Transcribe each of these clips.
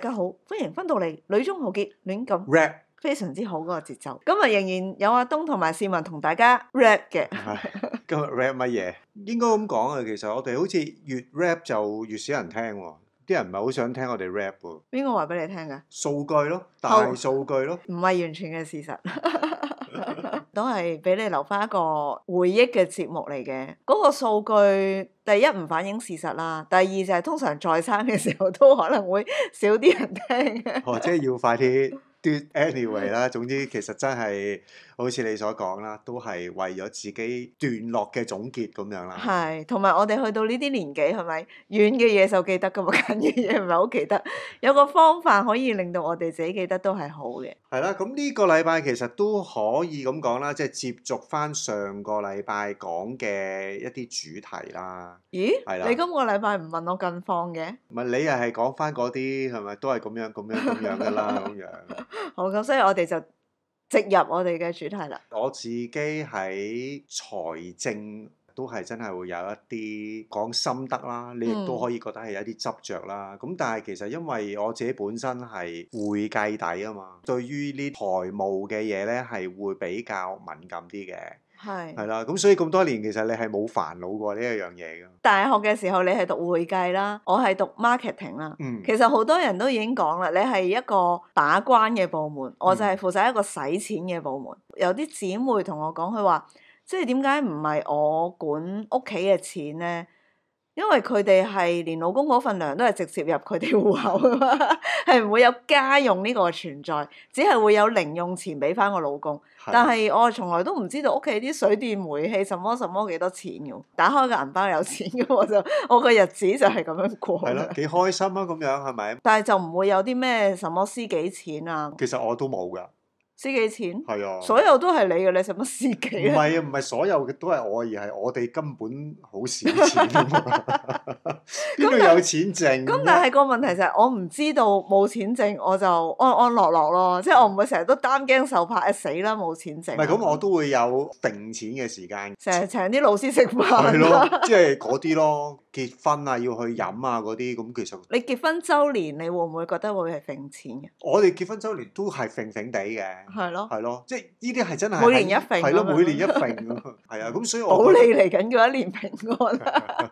大家好，歡迎翻到嚟，女中豪傑，亂咁 rap，非常之好嗰個節奏。今日仍然有阿東同埋市民同大家 rap 嘅、哎。今日 rap 乜嘢？ 應該咁講啊，其實我哋好似越 rap 就越少人聽，啲人唔係好想聽我哋 rap 喎。邊個話俾你聽噶？數據咯，大數據咯，唔係 完全嘅事實。 都係俾你留翻一個回憶嘅節目嚟嘅。嗰、那個數據第一唔反映事實啦，第二就係、是、通常再生嘅時候都可能會少啲人聽。哦，即係要快啲 do anyway 啦，總之其實真係。好似你所講啦，都係為咗自己段落嘅總結咁樣啦。係，同埋我哋去到呢啲年紀，係咪遠嘅嘢就記得㗎嘛？近嘅嘢唔係好記得。有個方法可以令到我哋自己記得都係好嘅。係啦，咁呢個禮拜其實都可以咁講啦，即係接觸翻上個禮拜講嘅一啲主題啦。咦？係啦，你今個禮拜唔問我近況嘅？唔係，你又係講翻嗰啲係咪？都係咁樣咁樣咁樣㗎啦，咁樣。好，咁，所以我哋就。直入我哋嘅主題啦。我自己喺財政都係真係會有一啲講心得啦，你亦都可以覺得係有一啲執着啦。咁、嗯、但係其實因為我自己本身係會計底啊嘛，對於呢啲財務嘅嘢呢，係會比較敏感啲嘅。係，係啦，咁所以咁多年其實你係冇煩惱過呢一樣嘢噶。大學嘅時候你係讀會計啦，我係讀 marketing 啦。嗯、其實好多人都已經講啦，你係一個把關嘅部門，我就係負責一個使錢嘅部門。嗯、有啲姊妹同我講佢話，即係點解唔係我管屋企嘅錢咧？因為佢哋係連老公嗰份糧都係直接入佢哋戶口啊嘛，係 唔會有家用呢個存在，只係會有零用錢俾翻我老公。但係我從來都唔知道屋企啲水電煤氣什麼什麼幾多錢嘅，打開個銀包有錢嘅我就，我個日子就係咁樣過。係啦，幾開心啊咁樣係咪？係係，但係就唔會有啲咩什麼私己錢啊。其實我都冇㗎。私己錢，係啊，所有都係你嘅，你使乜私己？唔係啊，唔係所有嘅都係我，而係我哋根本好少錢。邊度有錢剩？咁但係個問題就係我唔知道冇錢剩，我就安安樂樂咯。即係我唔會成日都擔驚受怕，誒，死啦，冇錢剩。唔係咁，我都會有掟錢嘅時間。成日請啲老師食飯，係咯，即係嗰啲咯，結婚啊要去飲啊嗰啲咁，其實你結婚週年，你會唔會覺得會係掟錢嘅？我哋結婚週年都係掟掟地嘅。係咯，係咯，即係呢啲係真係，每年一平啊的，每年一平啊，係啊， 咁所以我保利嚟緊要一年平安啦。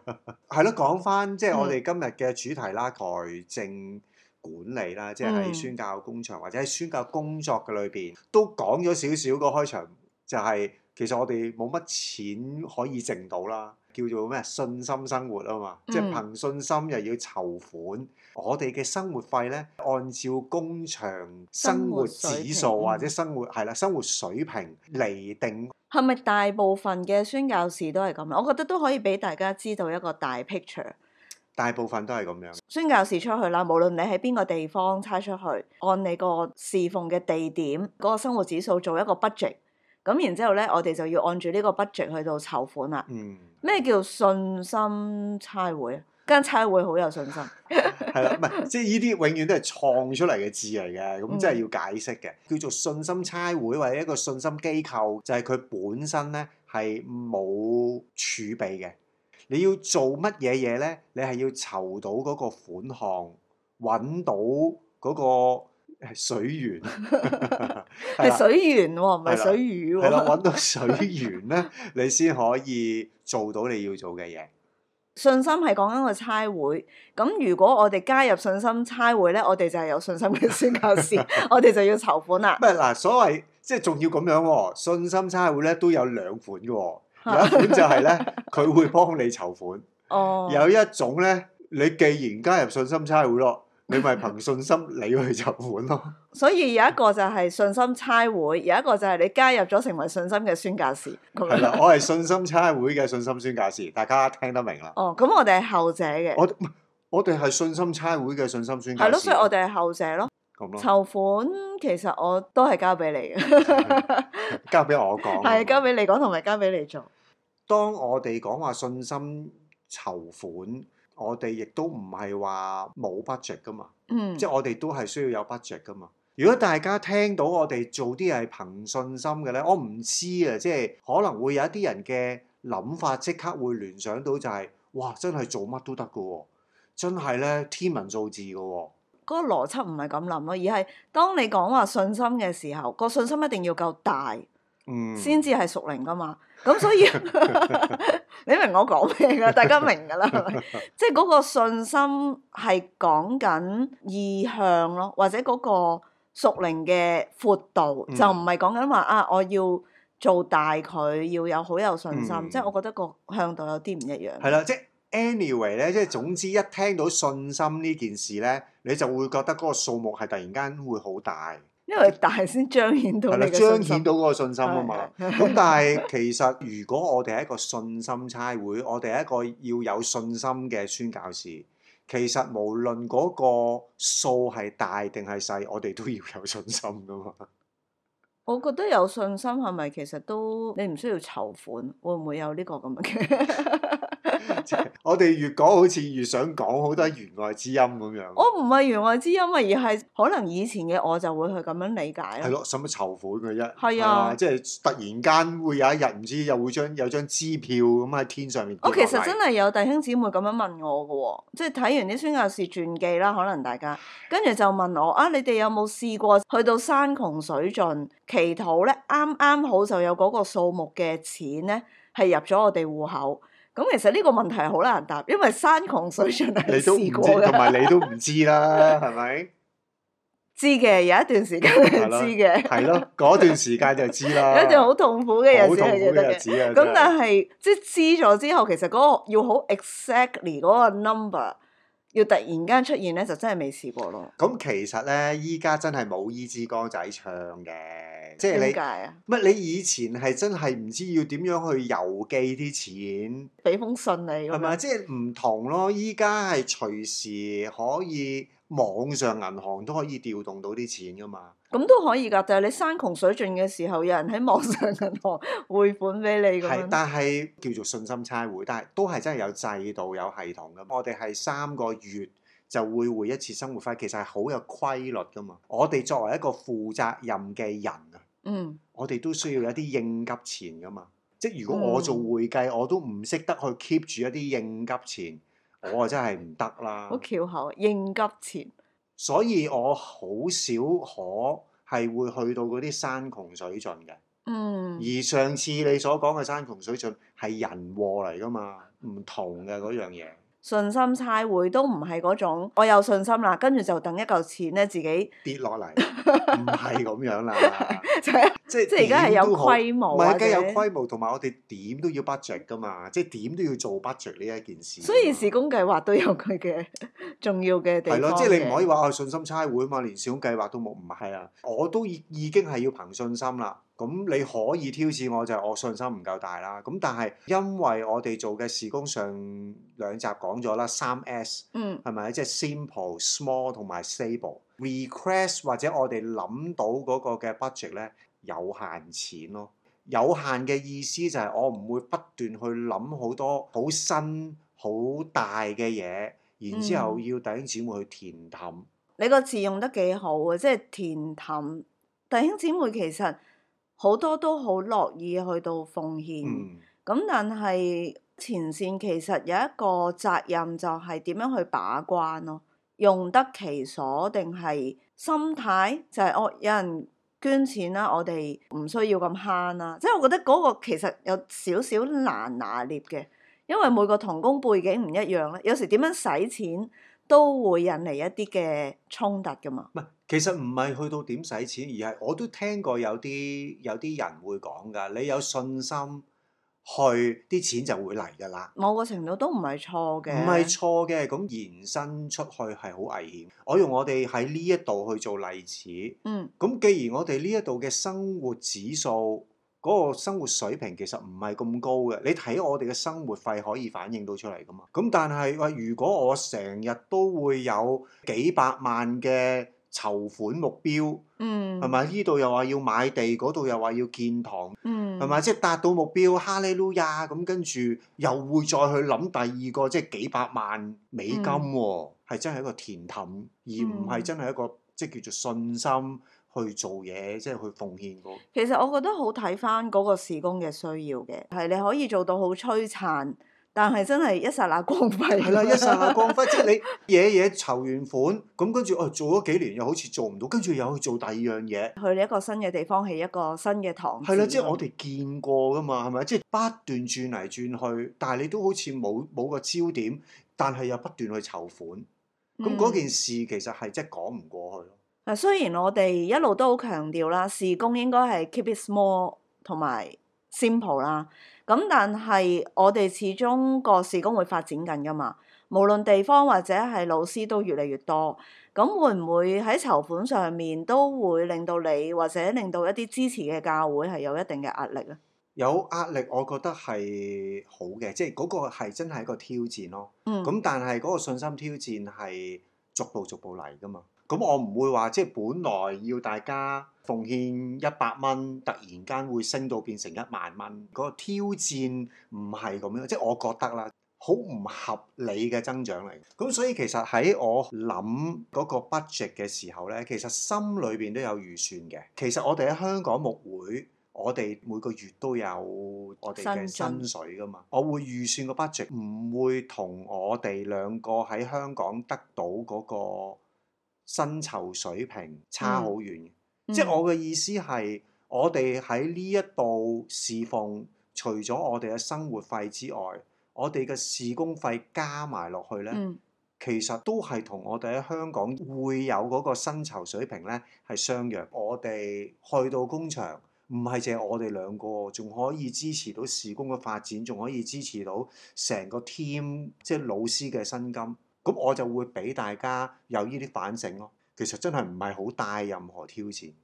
係咯， 講返即係我哋今日嘅主題啦，財 政管理啦，即係喺宣教工場或者喺宣教工作嘅裏邊，都講咗少少個開場就係、是。其實我哋冇乜錢可以剩到啦，叫做咩信心生活啊嘛，嗯、即係憑信心又要籌款。我哋嘅生活費呢，按照工場生活指數或者生活係啦生活水平嚟、嗯、定。係咪大部分嘅宣教士都係咁？我覺得都可以俾大家知道一個大 picture。大部分都係咁樣。宣教士出去啦，無論你喺邊個地方差出去，按你個侍奉嘅地點嗰、嗰個生活指數做一個 budget。咁然之後咧，我哋就要按住呢個 budget 去到籌款啦。咩、嗯、叫信心差會啊？間差會好有信心，係 啦，唔係即係呢啲永遠都係創出嚟嘅字嚟嘅，咁即係要解釋嘅，嗯、叫做信心差會或者一個信心機構，就係、是、佢本身咧係冇儲備嘅。你要做乜嘢嘢咧？你係要籌到嗰個款項，揾到嗰、那個。係水源， 係水源喎、哦，唔係 水、哦、 水魚喎、哦。係咯的，揾到水源咧， 你先可以做到你要做嘅嘢。信心係講緊個差會，咁如果我哋加入信心差會咧，我哋就係有信心嘅宣教士， 我哋就要籌款啦。唔係嗱，所謂即係仲要咁樣、哦，信心差會咧都有兩款嘅、哦，有一款就係咧，佢會幫你籌款。 哦，有一種咧，你既然加入信心差會咯。你咪憑信心你去籌款咯。所以有一個就係信心差會，有一個就係你加入咗成為信心嘅宣教士。係啦，我係信心差會嘅信心宣教士，大家聽得明啦。哦，咁我哋係後者嘅。我我哋係信心差會嘅信心宣教士。係咯，所以我哋係後者咯。咁咯。籌款其實我都係交俾你嘅，交俾我講。係交俾你講，同埋交俾你做。當我哋講話信心籌款。我哋亦都唔係話冇 budget 噶嘛，嗯、即係我哋都係需要有 budget 噶嘛。如果大家聽到我哋做啲嘢憑信心嘅咧，我唔知啊，即係可能會有一啲人嘅諗法即刻會聯想到就係、是、哇，真係做乜都得噶喎，真係咧，天文數字噶喎、哦。嗰個邏輯唔係咁諗咯，而係當你講話信心嘅時候，個信心一定要夠大，先至係屬靈噶嘛。咁所以你明我講咩㗎？大家明㗎啦，係咪？即係嗰個信心係講緊意向咯，或者嗰個屬靈嘅闊度，嗯、就唔係講緊話啊，我要做大佢，要有好有信心。即係、嗯、我覺得個向度有啲唔一樣。係啦，即係 anyway 咧，即係總之一聽到信心呢件事咧，你就會覺得嗰個數目係突然間會好大。因為大先彰顯到你啦，彰顯到嗰個信心啊嘛。咁 但係其實如果我哋係一個信心差會，我哋係一個要有信心嘅宣教士，其實無論嗰個數係大定係細，我哋都要有信心噶嘛。 我覺得有信心係咪其實都你唔需要籌款，會唔會有呢個咁嘅？ 我哋越講好似越想講好多弦外之音咁樣。我唔係弦外之音啊，而係可能以前嘅我就會去咁樣理解咯。係咯，使乜籌款嘅啫？係啊，即係、就是、突然間會有一日唔知又會將有張支票咁喺天上面。我、okay, 其實真係有弟兄姊妹咁樣問我嘅、哦，即係睇完啲孫亞士傳記啦。可能大家跟住就問我啊，你哋有冇試過去到山窮水盡祈禱咧？啱啱好就有嗰個數目嘅錢咧，係入咗我哋戶口。咁其實呢個問題係好難答，因為山窮水盡你都知，同埋你都唔知啦，係咪 吧？知嘅有一段時間就知嘅，係咯 ，嗰段時間就知啦。 有一段好痛苦嘅日子，痛苦嘅日子啊！咁 但係是 即係知咗之後，其實嗰個要好 exactly 嗰個 number。要突然間出現咧，就真係未試過咯。咁其實咧，依家真係冇依支歌仔唱嘅，即係你解啊乜？你以前係真係唔知要點樣去郵寄啲錢，俾封信你，係咪吧？即係唔同咯。依家係隨時可以網上銀行都可以調動到啲錢噶嘛。咁都可以噶，但係你山窮水盡嘅時候，有人喺網上銀行匯款俾你咁。係，但係叫做信心差會，但係都係真係有制度、有系統嘅。我哋係三個月就會回一次生活費，其實係好有規律噶嘛。我哋作為一個負責任嘅人啊，嗯，我哋都需要一啲應急錢噶嘛。即係如果我做會計，我都唔識得去 keep 住一啲應急錢，我真係唔得啦。好翹口，應急錢。所以我好少可係會去到嗰啲山窮水盡嘅，嗯。而上次你所講嘅山窮水盡係人禍嚟㗎嘛，唔同嘅嗰樣嘢。信心差會都唔係嗰種，我有信心啦，跟住就等一嚿錢咧自己跌落嚟，唔係咁樣啦。 就係即係而家係有規模，唔係而家有規模，同埋我哋點都要 budget 噶嘛，即係點都要做 budget 呢一件事。所以事工計劃都有佢嘅重要嘅地方。係咯，即係你唔可以話我、哦、信心差會啊嘛，連事工計劃都冇。唔係啊，我都已已經係要憑信心啦。咁你可以挑戰我就係、是、我信心唔夠大啦。咁但係因為我哋做嘅事工上兩集講咗啦，三 S，嗯，係咪即係 simple、small 同埋 stable request 或者我哋諗到嗰個嘅 budget 咧。有限錢咯，有限嘅意思就係我唔會不斷去諗好多好新好大嘅嘢，然之後要弟兄姊妹去填氹、嗯。你個字用得幾好啊！即係填氹，弟兄姊妹其實好多都好樂意去到奉獻，咁、嗯、但係前線其實有一個責任就係點樣去把關咯，用得其所定係心態就係、是、我、哦、有人，捐錢啦、啊，我哋唔需要咁慳啦，即係我覺得嗰個其實有少少難拿捏嘅，因為每個同工背景唔一樣咧，有時點樣使錢都會引嚟一啲嘅衝突㗎嘛。唔係，其實唔係去到點使錢，而係我都聽過有啲有啲人會講㗎，你有信心。去啲錢就會嚟噶啦，某個程度都唔係錯嘅，唔係錯嘅。咁延伸出去係好危險。我用我哋喺呢一度去做例子，嗯，咁既然我哋呢一度嘅生活指數、嗰個生活水平其實唔係咁高嘅，你睇我哋嘅生活費可以反映到出嚟噶嘛？咁但係話如果我成日都會有幾百萬嘅。籌款目標，嗯，係咪呢度又話要買地，嗰度又話要建堂，嗯，係咪即係達到目標，哈利路亞咁，跟住又會再去諗第二個，即係幾百萬美金喎、哦，係、嗯、真係一個甜氹，而唔係真係一個、嗯、即係叫做信心去做嘢，即係去奉獻、嗰個。其實我覺得好睇翻嗰個事工嘅需要嘅，係你可以做到好璀璨。但係真係一剎那光輝，係啦，一剎那光輝，即係你嘢嘢籌完款，咁跟住哦，做咗幾年又好似做唔到，跟住又去做第二樣嘢，去你一個新嘅地方起一個新嘅堂，係啦，即係我哋見過噶嘛，係咪？即係不斷轉嚟轉去，但係你都好似冇冇個焦點，但係又不斷去籌款，咁嗰件事其實係即係講唔過去咯。嗱、嗯，雖然我哋一路都好強調啦，事工應該係 keep it small，同埋。Simple 啦，咁但係我哋始終個事工會發展緊噶嘛，無論地方或者係老師都越嚟越多，咁會唔會喺籌款上面都會令到你或者令到一啲支持嘅教會係有一定嘅壓力咧？有壓力，我覺得係好嘅，即係嗰個係真係一個挑戰咯。嗯，咁但係嗰個信心挑戰係逐步逐步嚟噶嘛。咁我唔會話，即係本來要大家奉獻一百蚊，突然間會升到變成一萬蚊。嗰個挑戰唔係咁樣，即係我覺得啦，好唔合理嘅增長嚟。咁所以其實喺我諗嗰個 budget 嘅時候呢，其實心裏邊都有預算嘅。其實我哋喺香港牧會，我哋每個月都有我哋嘅薪水㗎嘛。進我會預算個 budget，唔會同我哋兩個喺香港得到嗰個。薪酬水平差好遠，嗯、即係我嘅意思係，我哋喺呢一度侍奉除咗我哋嘅生活費之外，我哋嘅事工費加埋落去呢，嗯、其實都係同我哋喺香港會有嗰個薪酬水平呢係相若，我哋去到工場，唔係淨係我哋兩個，仲可以支持到事工嘅發展，仲可以支持到成個 team 即係老師嘅薪金。咁我就會俾大家有呢啲反省咯。其實真係唔係好大任何挑戰，取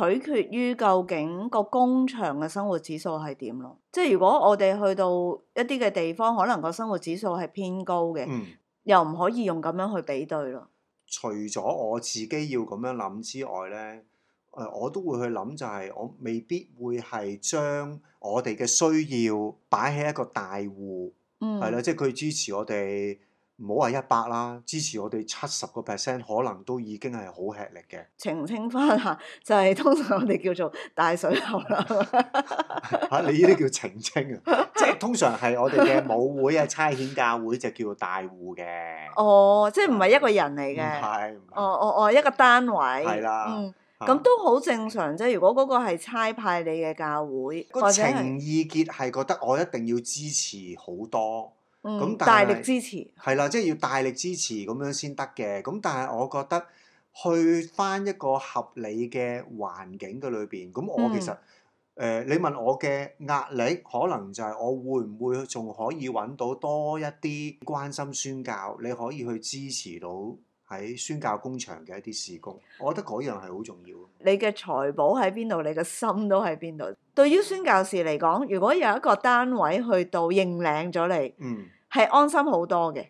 決於究竟個工場嘅生活指數係點咯。即係如果我哋去到一啲嘅地方，可能個生活指數係偏高嘅，嗯、又唔可以用咁樣去比對咯。除咗我自己要咁樣諗之外咧，誒我都會去諗，就係我未必會係將我哋嘅需要擺喺一個大戶，係啦、嗯，即係佢支持我哋。唔好話一百啦，支持我哋七十個 percent，可能都已經係好吃力嘅。澄清翻吓，就係、是、通常我哋叫做大水喉啦。吓 你呢啲叫澄清啊？ 即係通常係我哋嘅舞會啊、差遣教會就叫做大戶嘅。哦，即係唔係一個人嚟嘅。唔係。哦哦哦，一個單位。係啦。嗯。咁都好正常啫。如果嗰個係差派你嘅教會，個情意結係覺得我一定要支持好多。咁但係大力支持係啦，即係要大力支持咁樣先得嘅。咁但係我覺得去返一個合理嘅環境嘅裏邊，咁我其實誒，你問我嘅壓力，可能就係我會唔會仲可以揾到多一啲關心宣教、你可以去支持到喺宣教工場嘅一啲事工。我覺得嗰樣係好重要。你嘅財寶喺邊度，你嘅心都喺邊度。對於宣教士嚟講，如果有一個單位去到認領咗你，嗯。係安心好多嘅，咁、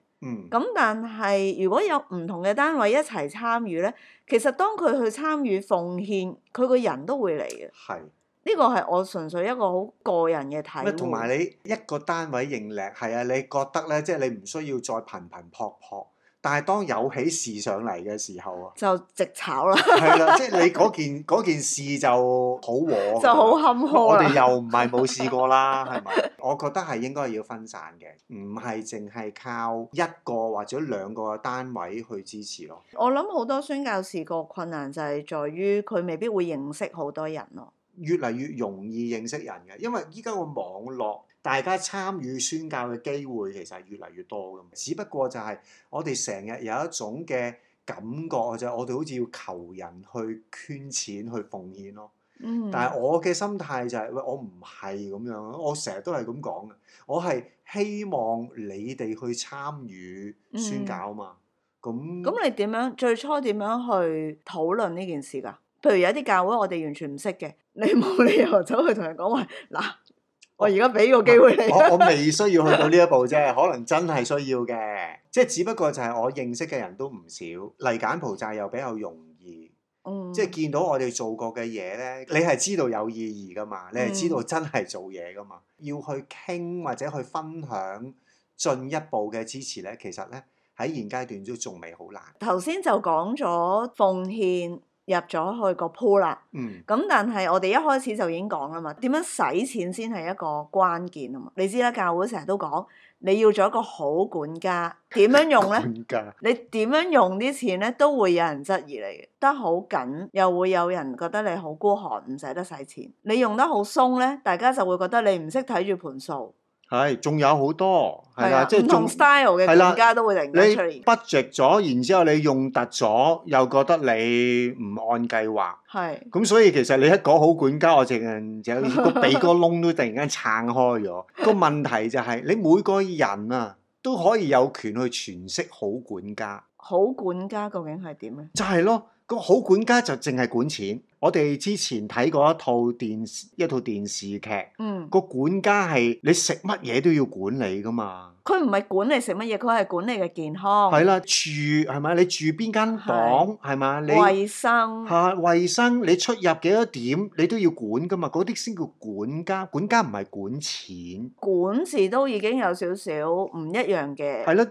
嗯、但係如果有唔同嘅單位一齊參與咧，其實當佢去參與奉獻，佢個人都會嚟嘅。係是，呢個係我純粹一個好個人嘅體會。同埋你一個單位認領係啊，你覺得咧，即係你唔需要再頻頻撲撲。但係當有起事上嚟嘅時候啊，就直炒啦。係 啦，即係你嗰件件事就好和， 就好坎坷 我哋又唔係冇試過啦，係咪？我覺得係應該要分散嘅，唔係淨係靠一個或者兩個單位去支持咯。我諗好多宣教士個困難就係在於佢未必會認識好多人咯。越嚟越容易認識人嘅，因為依家個網絡，大家參與宣教嘅機會其實係越嚟越多噶嘛，只不過就係我哋成日有一種嘅感覺就係我哋好似要求人去捐錢去奉獻咯。嗯、但係我嘅心態就係、係、喂，我唔係咁樣咯，我成日都係咁講嘅，我係希望你哋去參與宣教啊嘛。咁咁、嗯嗯、你點樣最初點樣去討論呢件事㗎？譬如有啲教會我哋完全唔識嘅，你冇理由走去同人講話嗱。我而家俾個機會你不。 我我未需要去到呢一步啫，可能真係需要嘅。即係只不過就係我認識嘅人都唔少，嚟柬埔寨又比較容易。嗯、即係見到我哋做過嘅嘢呢，你係知道有意義㗎嘛？你係知道真係做嘢㗎嘛？嗯、要去傾或者去分享進一步嘅支持呢，其實呢，喺現階段都仲未好難。頭先就講咗奉獻。入咗去個 p o o 咁，但係我哋一開始就已經講啦嘛，點樣使錢先係一個關鍵啊嘛？你知啦，教會成日都講，你要做一個好管家，點樣用咧？家你點樣用啲錢咧，都會有人質疑你。嘅。得好緊又會有人覺得你好孤寒，唔使得使錢。你用得好鬆咧，大家就會覺得你唔識睇住盤數。係，仲有好多，係啦，即係唔同 style 嘅管家都會突然出現。budget 咗，然之後你用突咗，又覺得你唔按計劃。係，咁所以其實你一講好管家，我成日個鼻哥窿都突然間撐開咗。個問題就係，你每個人啊都可以有權去詮釋好管家。好管家究竟係點咧？就係咯。個好管家就淨係管錢。我哋之前睇過一套電視一套電視劇，嗯、個管家係你食乜嘢都要管理噶嘛。佢唔係管你食乜嘢，佢係管你嘅健康。係啦、啊，住係咪？你住邊間房係嘛？係咪？你衛生係啊，衛生你出入幾多點你都要管噶嘛。嗰啲先叫管家，管家唔係管錢。管字都已經有少少唔一樣嘅。係咯、啊，啲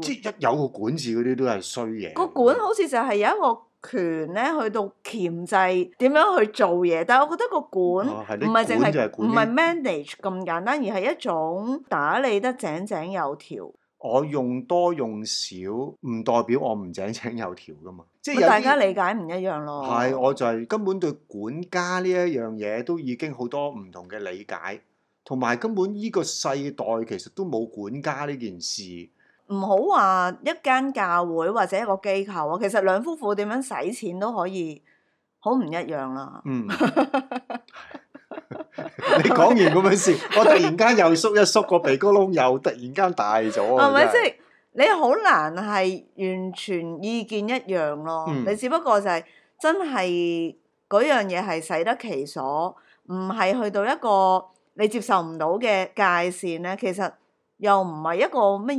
體即一有個管字嗰啲都係衰嘢。個管好似就係有一個.權咧，去到鉛制點樣去做嘢，但係我覺得個管唔係淨係管理，唔係 manage 咁簡單，而係一種打理得井井有條。我用多用少唔代表我唔井井有條噶嘛，即係大家理解唔一樣咯。係，我就係根本對管家呢一樣嘢都已經好多唔同嘅理解，同埋根本依個世代其實都冇管家呢件事。唔好話一間教會或者一個機構啊，其實兩夫婦點樣使錢都可以好唔一樣啦。嗯， 你講完咁樣先， 我突然間又縮一縮個 鼻哥窿，又突然間大咗啊！係咪即係你好難係完全意見一樣咯？嗯、你只不過就係、係、真係嗰樣嘢係使得其所，唔係去到一個你接受唔到嘅界線咧。其實。又唔係一個乜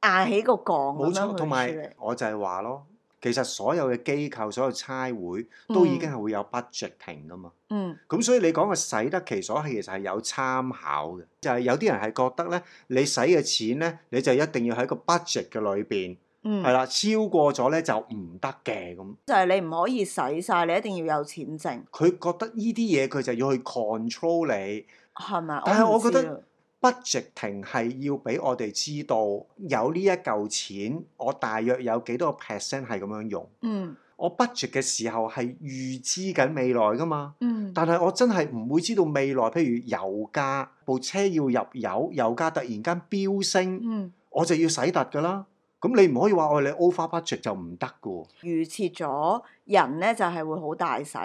嘢硬起個講，冇錯，同埋我就係話咯，其實所有嘅機構、所有差會都已經係會有 budgeting 噶嘛。嗯。咁所以你講嘅「使得其所」，其實係有參考嘅。就係、是、有啲人係覺得咧，你使嘅錢咧，你就一定要喺個 budget 嘅裏邊，係、嗯、啦，超過咗咧就唔得嘅咁。就係你唔可以使晒，你一定要有錢剩。佢覺得呢啲嘢，佢就要去 control 你，係咪吧？但係我，我覺得。budget 停係要俾我哋知道有呢一嚿錢，我大約有幾多個 percent 係咁樣用。嗯，我 budget 嘅時候係預知緊未來噶嘛。嗯，但係我真係唔會知道未來，譬如油價，部車要入油，油價突然間飆升，嗯，我就要洗突噶啦。咁你唔可以話我哋 over budget 就唔得噶喎。預設咗人咧就係、是、會好大使。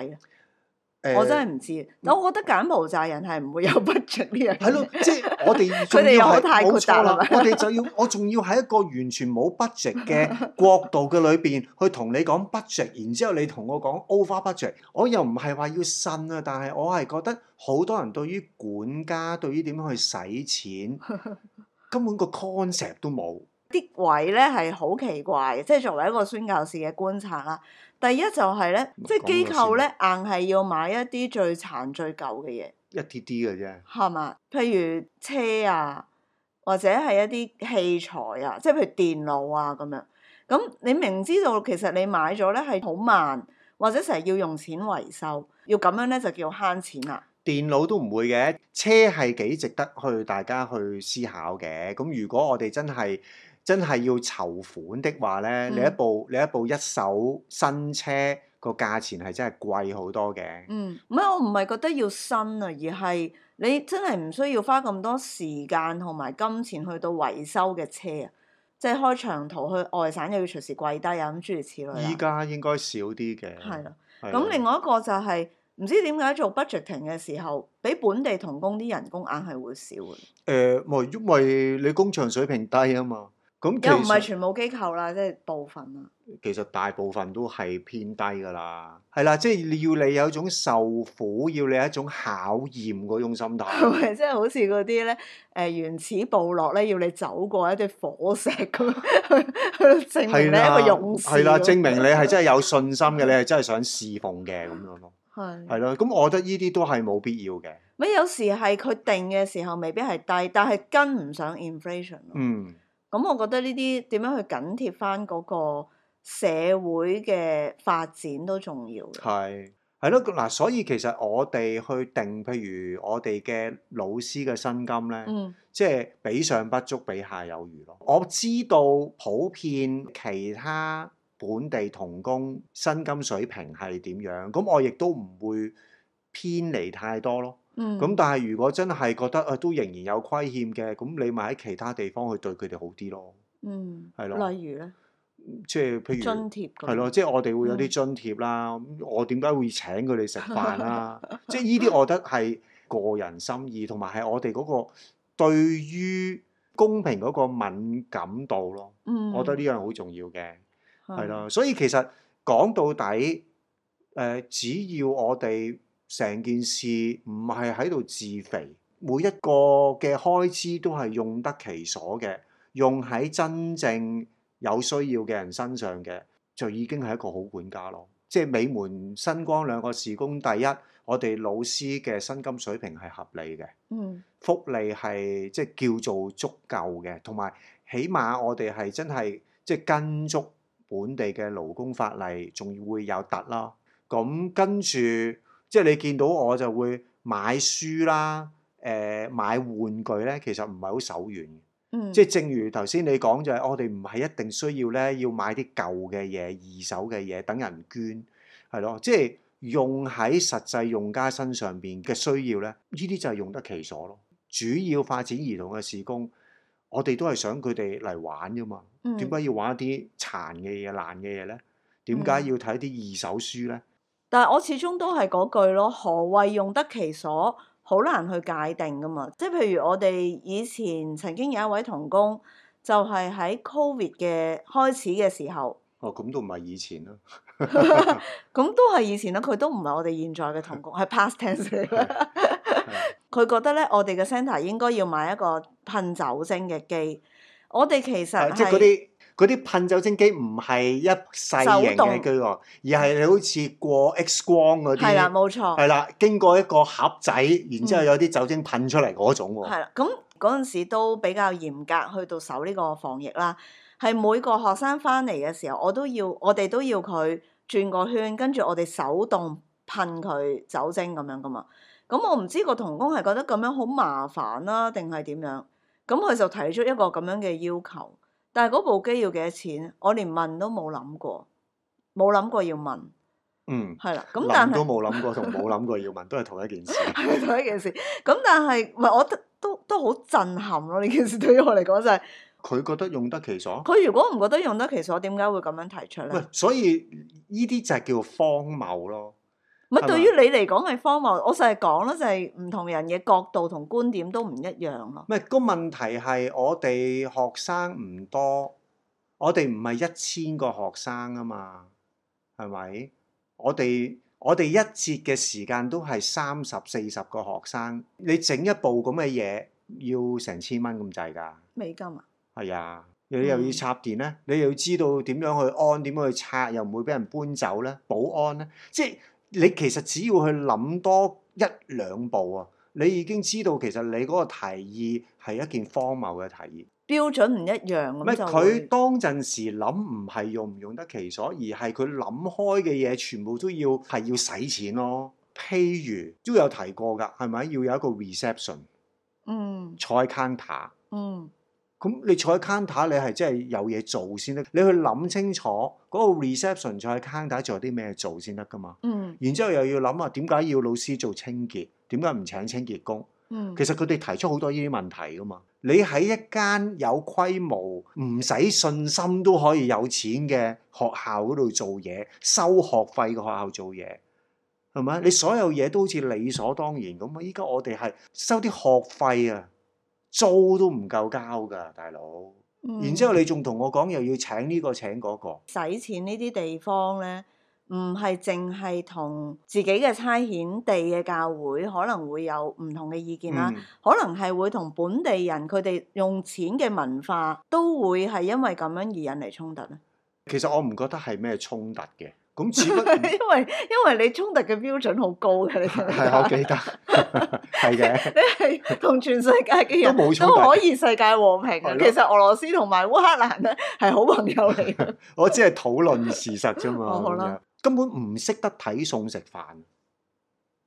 我真係唔知，欸、我覺得柬埔寨人係唔會有 budget 呢樣嘢。係咯了， 即係我哋佢哋又太闊達啦。我哋就要，我仲要喺一個完全冇 budget 嘅國度嘅裏邊去同你講 budget，然之後你同我講 over budget，我又唔係話要呻啊，但係我係覺得好多人對於管家對於點樣去使錢根本個 concept 都冇。啲 位咧係好奇怪嘅，即、就、係、是、作為一個宣教士嘅觀察啦。第一就係咧，即係機構咧硬係要買一啲最殘最舊嘅嘢，一啲啲嘅啫，係嘛？譬如車啊，或者係一啲器材啊，即係譬如電腦啊咁樣。咁你明知道其實你買咗咧係好慢，或者成日要用錢維修，要咁樣咧就叫慳錢啦、啊。電腦都唔會嘅，車係幾值得去大家去思考嘅。咁如果我哋真係，真係要籌款的話呢、嗯、你一部你一部一手新車個價錢係真係貴好多嘅。嗯，唔係我唔係覺得要新啊，而係你真係唔需要花咁多時間同埋金錢去到維修嘅車啊，即係開長途去外省又要隨時跪低，啊，咁諸如此類。依家應該少啲嘅。係啦的，咁的另外一個就係、是、唔知點解做 budgeting 嘅時候，畀本地同工啲人工硬係會少嘅。誒、欸，唔係因為你工場水平低啊嘛？又唔係全部機構啦，即係部分啦。其實大部分都係偏低噶啦，係啦，即係要你有一種受苦，要你有一種考驗嗰種心態。即係 好似嗰啲咧？誒、呃，原始部落咧，要你走過一堆火石咁， 證明你係一個勇士。係啦，證明你係真係有信心嘅，你係真係想侍奉嘅咁樣咯。係係咯，咁的我覺得呢啲都係冇必要嘅。咪有時係佢定嘅時候未必係低，但係跟唔上 inflation。嗯。咁我覺得呢啲點樣去緊貼翻嗰個社會嘅發展都重要嘅。係係咯。嗱，所以其實我哋去定譬如我哋嘅老師嘅薪金咧，嗯，即係比上不足比下有餘咯。我知道普遍其他本地同工薪金水平係點樣，咁我亦都唔會偏離太多咯。咁、嗯、但係如果真係覺得啊，都仍然有虧欠嘅，咁你咪喺其他地方去對佢哋好啲咯。嗯，係咯的。例如咧，即係譬如津貼係咯，即係、就係、我哋會有啲津貼啦。嗯、我點解會請佢哋食飯啦、啊？ 即係呢啲我覺得係個人心意，同埋係我哋嗰個對於公平嗰個敏感度咯。嗯，我覺得呢樣好重要嘅，係啦、嗯的。所以其實講到底，誒，只要我哋。成件事唔係喺度自肥，每一個嘅開支都係用得其所嘅，用喺真正有需要嘅人身上嘅，就已經係一個好管家咯。即係美門新光兩個事工，第一我哋老師嘅薪金水平係合理嘅，嗯，福利係即係叫做足夠嘅，同埋起碼我哋係真係即係跟足本地嘅勞工法例，仲會有突啦。咁跟住。即係你見到我就會買書啦，誒、呃、買玩具咧，其實唔係好手軟嘅。嗯、即係正如頭先你講就係，我哋唔係一定需要咧要買啲舊嘅嘢、二手嘅嘢等人捐，係咯？即係用喺實際用家身上邊嘅需要咧，呢啲就係用得其所咯。主要發展兒童嘅事工，我哋都係想佢哋嚟玩㗎嘛，點解、嗯、要玩一啲殘嘅嘢、爛嘅嘢咧？點解要睇啲二手書咧？嗯但係我始終都係嗰句咯，何謂用得其所？好難去界定噶嘛。即係譬如我哋以前曾經有一位同工，就係、是、喺 COVID 嘅開始嘅時候。哦，咁都唔係以前啦。咁 都係以前啦，佢都唔係我哋現在嘅同工，係 past tense 佢 覺得咧，我哋嘅 centre 應該要買一個噴酒精嘅機。我哋其實、嗯、即係啲。嗰啲噴酒精機唔係一細型嘅機喎，手動而係你好似過 X 光嗰啲，係啦，冇錯，係啦，經過一個盒仔，然之後有啲酒精噴出嚟嗰種喎。係啦、嗯，咁嗰陣時都比較嚴格，去到守呢個防疫啦。係每個學生翻嚟嘅時候，我都要，我哋都要佢轉個圈，跟住我哋手動噴佢酒精咁樣噶嘛。咁我唔知個同工係覺得咁樣好麻煩啦、啊，定係點樣？咁佢就提出一個咁樣嘅要求。但係嗰部機要幾多錢？我連問都冇諗過，冇諗過要問。嗯，係啦。咁但係都冇諗過，同冇諗過要問，都係同一件事。係 同一件事。咁但係，唔係我都都好震撼咯！呢件事對於我嚟講就係、是、佢覺得用得其所。佢如果唔覺得用得其所，點解會咁樣提出咧？喂，所以呢啲就係叫荒謬咯。唔係對於你嚟講係荒謬，我成日講啦，就係唔同人嘅角度同觀點都唔一樣咯。唔係個問題係我哋學生唔多，我哋唔係一千個學生啊嘛，係咪？我哋我哋一節嘅時間都係三十四十個學生，你整一部咁嘅嘢要成千蚊咁滯㗎？美金啊？係啊，你又要插電咧，你又要知道點樣去安，點樣去拆，又唔會俾人搬走咧，保安咧，即係。你其實只要去諗多一兩步啊，你已經知道其實你嗰個提議係一件荒謬嘅提議。標準唔一樣咁它 就會。佢當陣時諗，唔係用唔用得其所，而係佢諗開嘅嘢全部都要係要使錢咯。譬如都有提過㗎，係咪？要有一個 reception，嗯，菜 c o 嗯。咁你坐喺 counter，你係真係有嘢做先得。你去諗清楚嗰個 reception 坐喺 counter 做啲咩做先得噶嘛？嗯。嗯，然之後又要諗啊，點解要老師做清潔？點解唔請清潔工？嗯。其實佢哋提出好多呢啲問題噶嘛。你喺一間有規模、唔使信心都可以有錢嘅學校嗰度做嘢，收學費嘅學校做嘢，係咪？你所有嘢都好似理所當然咁啊！依家我哋係收啲學費啊。租都唔夠交噶，大佬。嗯、然之後你仲同我講又要請呢個請嗰個，使錢。呢啲地方呢，唔係淨係同自己嘅差遣地嘅教會可能會有唔同嘅意見啦。嗯、可能係會同本地人佢哋用錢嘅文化都會係因為咁樣而引嚟衝突咧。其實我唔覺得係咩衝突嘅。咁只不過， 因為因為你衝突嘅標準好高嘅，你係我記得，係 嘅的。 你係同全世界嘅人都冇衝，都可以世界和平。的其實俄羅斯同埋烏克蘭咧係好朋友嚟嘅。 我只係討論事實啫嘛， 好好根本唔識得睇餸食飯。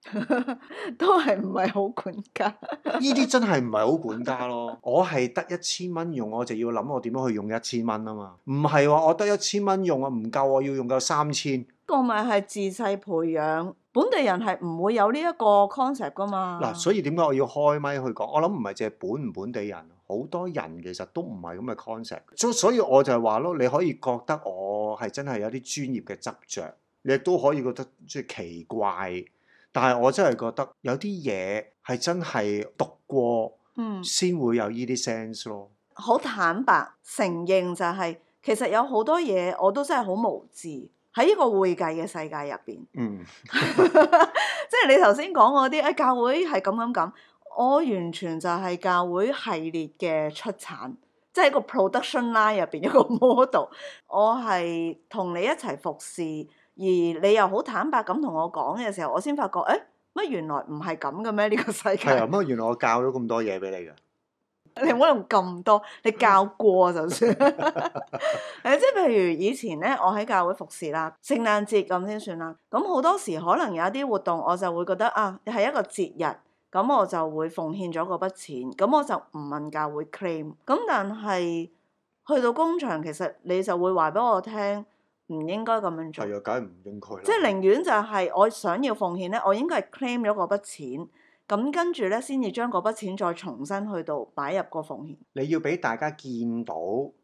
都係唔係好管家，呢 啲真係唔係好管家咯。我係得一千蚊用，我就要諗我點樣去用一千蚊啊嘛。唔係話我得一千蚊用啊，唔夠我要用夠三千。個咪係自細培養本地人係唔會有呢一個 concept 噶嘛。嗱，所以點解我要開咪去講？我諗唔係淨係本唔本地人，好多人其實都唔係咁嘅 concept。所以我就係話咯，你可以覺得我係真係有啲專業嘅執着，你亦都可以覺得即係奇怪。但係我真係覺得有啲嘢係真係讀過，嗯，先會有呢啲 sense 咯。好坦白承認就係、是，其實有好多嘢我都真係好無知喺呢個會計嘅世界入邊。嗯，即 係 你頭先講嗰啲，誒、哎、教會係咁咁咁，我完全就係教會系列嘅出產，即、就、係、是、一個 production line 入邊一個 model。我係同你一齊服侍。而你又好坦白咁同我講嘅時候，我先發覺，誒、欸、乜原來唔係咁嘅咩？呢、個世界係啊，乜原來我教咗咁多嘢俾你嘅？你唔好用咁多，你教過就算。誒 即係譬如以前咧，我喺教會服侍啦，聖誕節咁先算啦。咁好多時可能有一啲活動，我就會覺得啊，係一個節日，咁我就會奉獻咗嗰筆錢，咁我就唔問教會 claim。咁但係去到工場，其實你就會話俾我聽。唔應該咁樣做，係啊，梗係唔應該啦。即係寧願就係我想要奉獻咧，我應該係 claim 咗嗰筆錢，咁跟住咧先至將嗰筆錢再重新去到擺入個奉獻。你要俾大家見到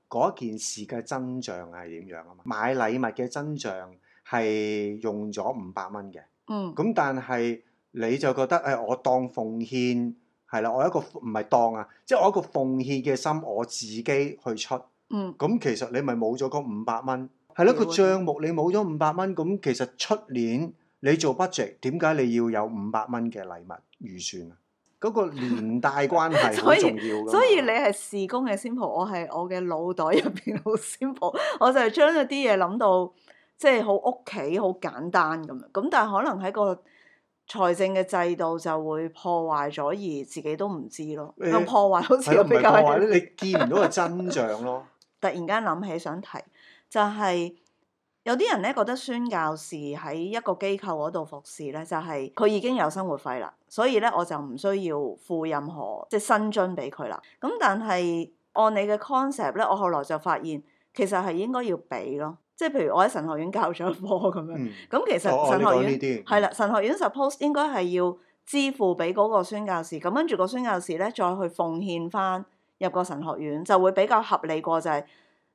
嗰件事嘅真相係點樣啊嘛？買禮物嘅真相係用咗五百蚊嘅，嗯，咁但係你就覺得誒、哎，我當奉獻係啦，我一個唔係當啊，即係我一個奉獻嘅心，我自己去出，嗯，咁其實你咪冇咗嗰五百蚊。係咯，個賬目你冇咗五百蚊，咁其實出年你做 budget，點解你要有五百蚊嘅禮物預算啊？嗰個連帶關係好重要。所以你係事工嘅 simple，我係我嘅腦袋入邊好 simple，我就係將一啲嘢諗到即係好屋企、好簡單咁樣。咁但係可能喺個財政嘅制度就會破壞咗，而自己都唔知咯。咁破壞好似唔係破壞咧，你見唔到個真相咯。突然間諗起想提。就係、是、有啲人咧，覺得宣教士喺一個機構嗰度服侍，咧，就係、是、佢已經有生活費啦，所以咧，我就唔需要付任何即係薪津俾佢啦。咁但係按你嘅 concept 咧，我後來就發現其實係應該要俾咯，即係譬如我喺神學院教咗課咁樣，咁、嗯、其實神學院係啦、哦，神學院 suppose 應該係要支付俾嗰個宣教士，咁跟住個宣教士咧再去奉獻翻入個神學院，就會比較合理過就係、是。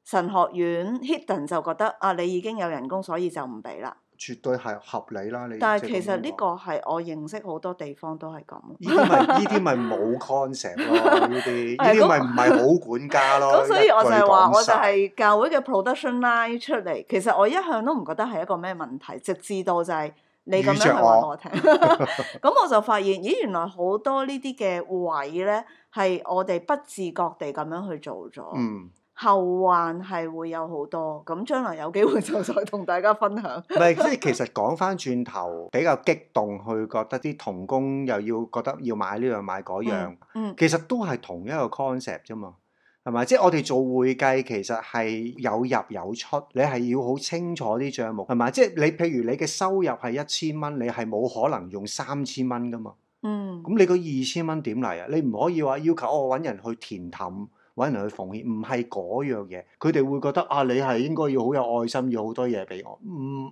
神學院，Hilton 就覺得啊，你已經有人工，所以就唔俾啦。絕對係合理啦！你但係其實呢個係我認識好多地方都係咁。呢啲咪呢啲咪冇 concept 咯？呢啲呢啲咪唔係好管家咯。咁 所以我就係話， 我就係教會嘅 production line 出嚟。其實我一向都唔覺得係一個咩問題，直至到就係你咁樣去話我聽。咁 我就發現，咦，原來好多呢啲嘅位咧，係我哋不自覺地咁樣去做咗。嗯。後患係會有好多，咁將來有機會就再同大家分享。唔 係，即係其實講翻轉頭比較激動，去覺得啲童工又要覺得要買呢樣買嗰樣，嗯，嗯，其實都係同一個 concept 啫嘛，係咪？即係我哋做會計，其實係有入有出，你係要好清楚啲帳目，係咪？即係你譬如你嘅收入係一千蚊，你係冇可能用三千蚊噶嘛，嗯，咁你個二千蚊點嚟啊？你唔可以話要求我搵人去填氹。揾人去奉獻，唔係嗰樣嘢，佢哋會覺得啊，你係應該要好有愛心，要好多嘢俾我，唔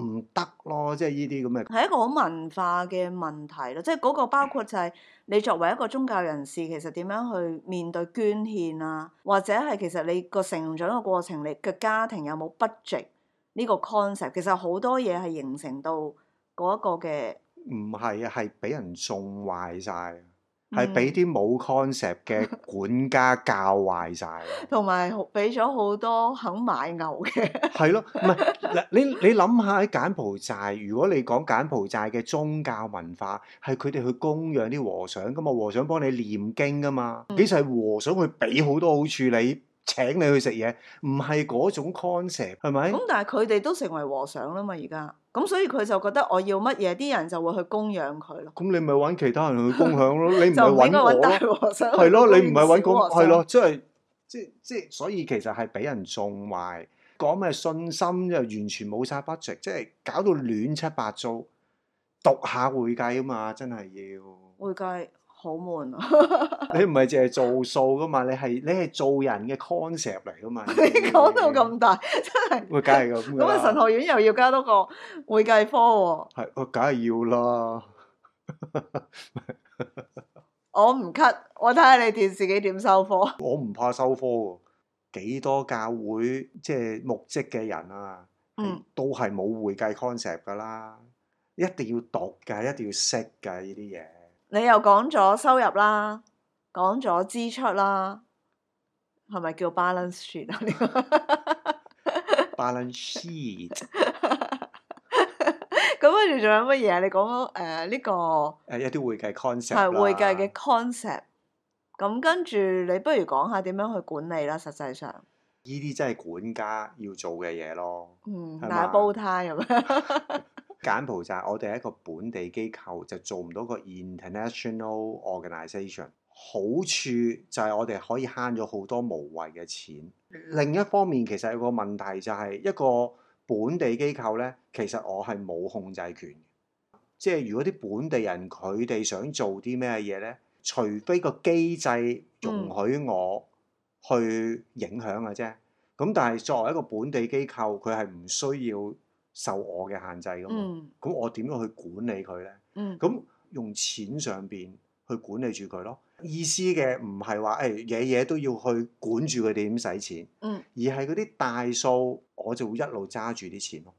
唔得咯，即係呢啲咁嘅。係一個好文化嘅問題咯，即係嗰個包括就係你作為一個宗教人士，其實點樣去面對捐獻啊，或者係其實你個成長嘅過程，你嘅家庭有冇 budget 呢個 concept？其實好多嘢係形成到嗰一個嘅。唔係啊，係俾人縱壞晒。係俾啲冇 concept 嘅管家教壞晒，同埋俾咗好多肯買牛嘅 。係咯，唔係嗱，你你諗下喺柬埔寨，如果你講柬埔寨嘅宗教文化，係佢哋去供養啲和尚噶嘛，和尚幫你念經噶嘛，幾時係和尚去俾好多好處你，請你去食嘢，唔係嗰種 concept 係咪？咁、嗯、但係佢哋都成為和尚啦嘛而家。咁所以佢就覺得我要乜嘢，啲人就會去供養佢咯。咁你咪揾其他人去供養咯，你唔係揾我咯？係咯，你唔係揾公系咯，即係即即係，所以其實係俾人縱壞，講咩信心又完全冇曬 budget，即係搞到亂七八糟，讀下會計啊嘛，真係要會計。好悶、啊， 你唔係淨係做數㗎嘛？你係你係做人嘅 concept 嚟㗎嘛？你講到咁大，真係，咁啊、欸、神學院又要加多個會計科喎、哦。我梗係要啦。 我唔 cut，我睇下你電視幾點收科。我唔怕收科喎，幾多教會即係牧職嘅人啊，嗯、都係冇會計 concept 㗎啦，一定要讀㗎，一定要識㗎呢啲嘢。你又講咗收入啦，講咗支出啦，係咪叫 balance sheet 啊？呢 個 balance sheet。咁跟住仲有乜嘢啊？你講誒呢個誒一啲會計 concept 係，會計嘅 concept。咁跟住你不如講下點樣去管理啦？實際上呢啲真係管家要做嘅嘢咯。嗯，吧打煲呔咁樣。 柬埔寨我哋係一個本地機構就做唔到個 international organization 好處就係我哋可以慳咗好多無謂嘅錢，另一方面，其實有個問題就係、是、一個本地機構咧，其實我係冇控制權嘅，即係如果啲本地人佢哋想做啲咩嘢咧，除非個機制容許我去影響嘅啫。咁、嗯、但係作為一個本地機構，佢係唔需要。受我嘅限制咁，咁我點樣去管理佢呢？咁、嗯、用錢上邊去管理住佢咯。意思嘅唔係話誒嘢嘢都要去管住佢哋，點使錢，嗯、而係嗰啲大數我就會一路揸住啲錢咯。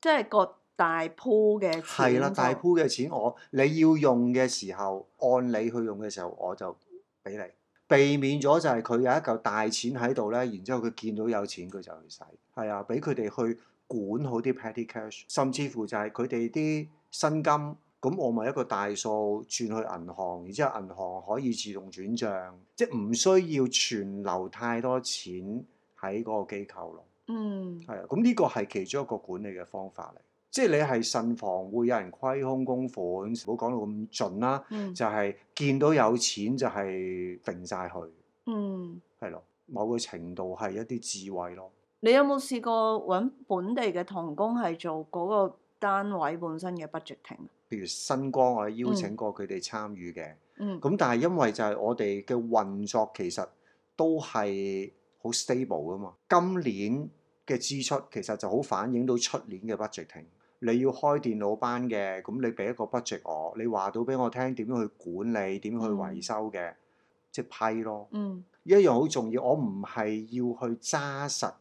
即係個大鋪嘅錢係啦，大鋪嘅錢我你要用嘅時候，按你去用嘅時候我就俾你，避免咗就係佢有一嚿大錢喺度呢，然之後佢見到有錢佢就去使，係啊，俾佢哋去。管好啲 petty cash，甚至乎就係佢哋啲薪金，咁我咪一個大數轉去銀行，然之後銀行可以自動轉賬，即係唔需要存留太多錢喺嗰個機構咯，嗯。嗯，係啊，咁呢個係其中一個管理嘅方法嚟，即係你係慎防會有人虧空公款，唔好講到咁盡啦。嗯，就係見到有錢就係定晒佢，嗯，係咯，某個程度係一啲智慧咯。你有冇試過揾本地嘅同工係做嗰個單位本身嘅 budgeting？譬如新光我邀請過佢哋參與嘅，咁、嗯嗯、但係因為就係我哋嘅運作其實都係好 stable 噶嘛。今年嘅支出其實就好反映到出年嘅 budgeting。你要開電腦班嘅，咁你俾一個 budget 我，你話到俾我聽點樣去管理、點、嗯、樣去維修嘅，即、係、批咯。嗯，一樣好重要，我唔係要去揸實，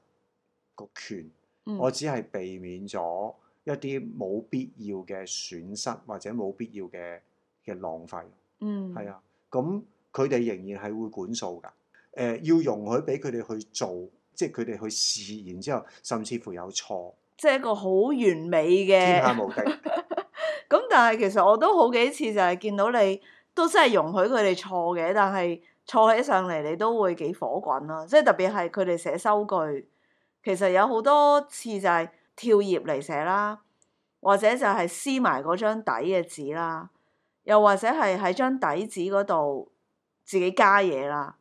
個權，嗯、我只係避免咗一啲冇必要嘅損失，或者冇必要嘅嘅浪費、嗯，嗯，係啊。咁佢哋仍然係會管數噶，誒、呃，要容許俾佢哋去做，即係佢哋去試，然之後甚至乎有錯，即係一個好完美嘅天下無極天下無敵咁。 但係其實我都好幾次就係見到你都真係容許佢哋錯嘅，但係錯起上嚟你都會幾火滾啦、啊。即係特別係佢哋寫收據。其實有好多次就係跳頁嚟寫啦，或者就係撕埋嗰張底嘅紙啦，又或者係喺張底紙嗰度自己加嘢啦。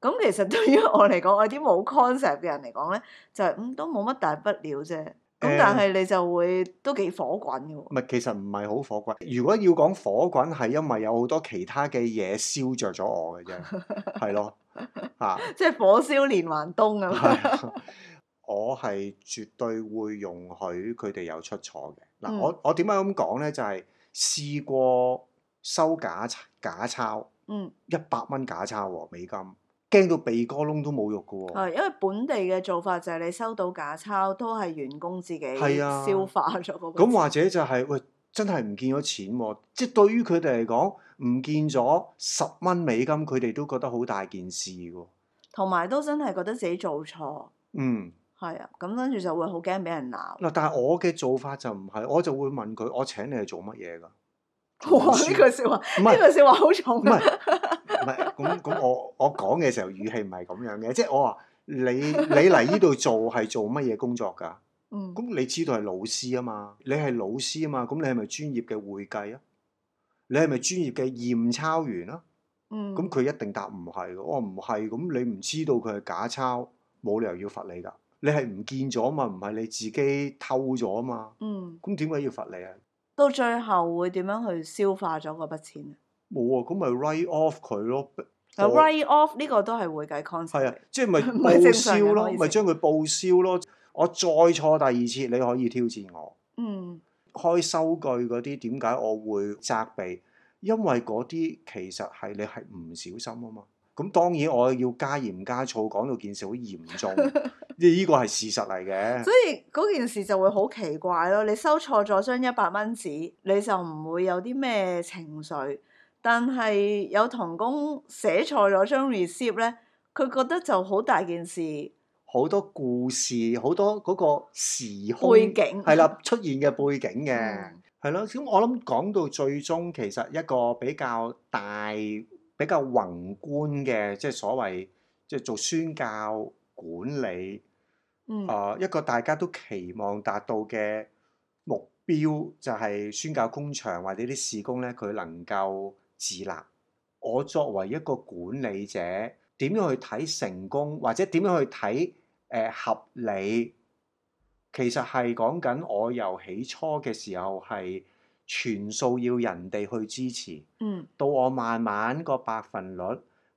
咁其實對於我嚟講，我啲冇 concept 嘅人嚟講咧，就係、是、嗯都冇乜大不了啫。咁但係你就會、欸、都幾火滾嘅喎。唔係，其實唔係好火滾。如果要講火滾，係因為有好多其他嘅嘢燒着咗我嘅啫，係 咯嚇。啊、 即係火燒連環東咁。 我係絕對會容許佢哋有出錯嘅。嗱、嗯，我我點解咁講呢？就係、是、試過收假假鈔，嗯，一百蚊假鈔和、哦、美金，驚到鼻哥窿都冇肉嘅喎、哦。因為本地嘅做法就係你收到假鈔，都係員工自己消化咗嗰個。咁或者就係、是、喂，真係唔見咗錢喎、哦。即、就、係、是、對於佢哋嚟講，唔見咗十蚊美金，佢哋都覺得好大件事喎。同埋都真係覺得自己做錯。嗯。係啊，咁跟住就會好驚俾人鬧。嗱，但係我嘅做法就唔係，我就會問佢：我請你係做乜嘢噶？哇！呢句説話，呢句説話好重。唔係，咁咁 我我講嘅時候語氣唔係咁樣嘅，即係我話你你嚟呢度做係 做乜嘢工作㗎？嗯，咁你知道係老師啊嘛？你係老師啊嘛？咁你係咪專業嘅會計啊？你係咪專業嘅驗鈔員啊？嗯，咁佢一定答唔係。我唔係，咁你唔知道佢係假鈔，冇理由要罰你㗎。你係唔見咗嘛？唔係你自己偷咗嘛？嗯，咁點解要罰你啊？到最後會點樣去消化咗嗰筆錢？冇啊，咁咪 write off 佢咯。啊，write off 呢個都係會計 concept。係啊，即係咪報銷咯？咪將佢報銷咯。我再錯第二次，你可以挑戰我。嗯，開收據嗰啲點解我會責備？因為嗰啲其實係你係唔小心啊嘛。咁當然我要加鹽加醋講到件事好嚴重，即係依個係事實嚟嘅。 所以嗰件事就會好奇怪咯。你收錯咗張一百蚊紙，你就唔會有啲咩情緒。但係有同工寫錯咗張 receipt 咧，佢覺得就好大件事。好多故事，好多嗰個時空背景係啦，出現嘅背景嘅，係咯、嗯。咁我諗講到最終，其實一個比較大。比較宏觀嘅，即係所謂即係做宣教管理，誒、嗯呃、一個大家都期望達到嘅目標，就係、是、宣教工場或者啲事工呢佢能夠自立。我作為一個管理者，點樣去睇成功，或者點樣去睇誒、呃、合理？其實係講緊我由起初嘅時候係。全數要人哋去支持，嗯，到我慢慢個百分率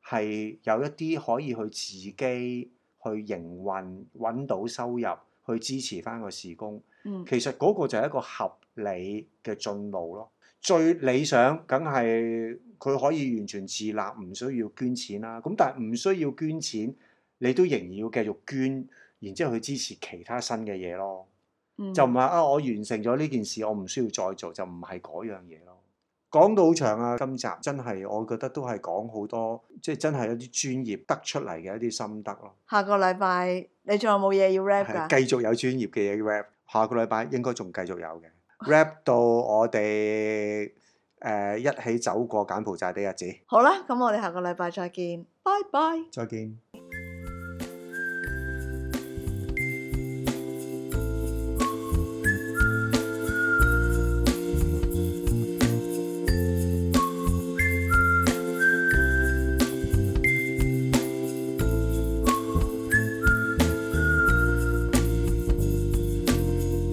係有一啲可以去自己去營運，揾到收入去支持翻個事工，嗯，其實嗰個就係一個合理嘅進路咯。最理想梗係佢可以完全自立，唔需要捐錢啦。咁但係唔需要捐錢，你都仍然要繼續捐，然之後去支持其他新嘅嘢咯。就唔係啊！我完成咗呢件事，我唔需要再做，就唔係嗰樣嘢咯。講到好長啊，今集真係我覺得都係講好多，即係真係一啲專業得出嚟嘅一啲心得咯。下個禮拜你仲有冇嘢要 wrap 㗎？繼續有專業嘅嘢要 wrap。下個禮拜應該仲繼續有嘅 wrap 到我哋誒、呃、一起走過柬埔寨嘅日子。好啦，咁我哋下個禮拜再見，拜拜。再見。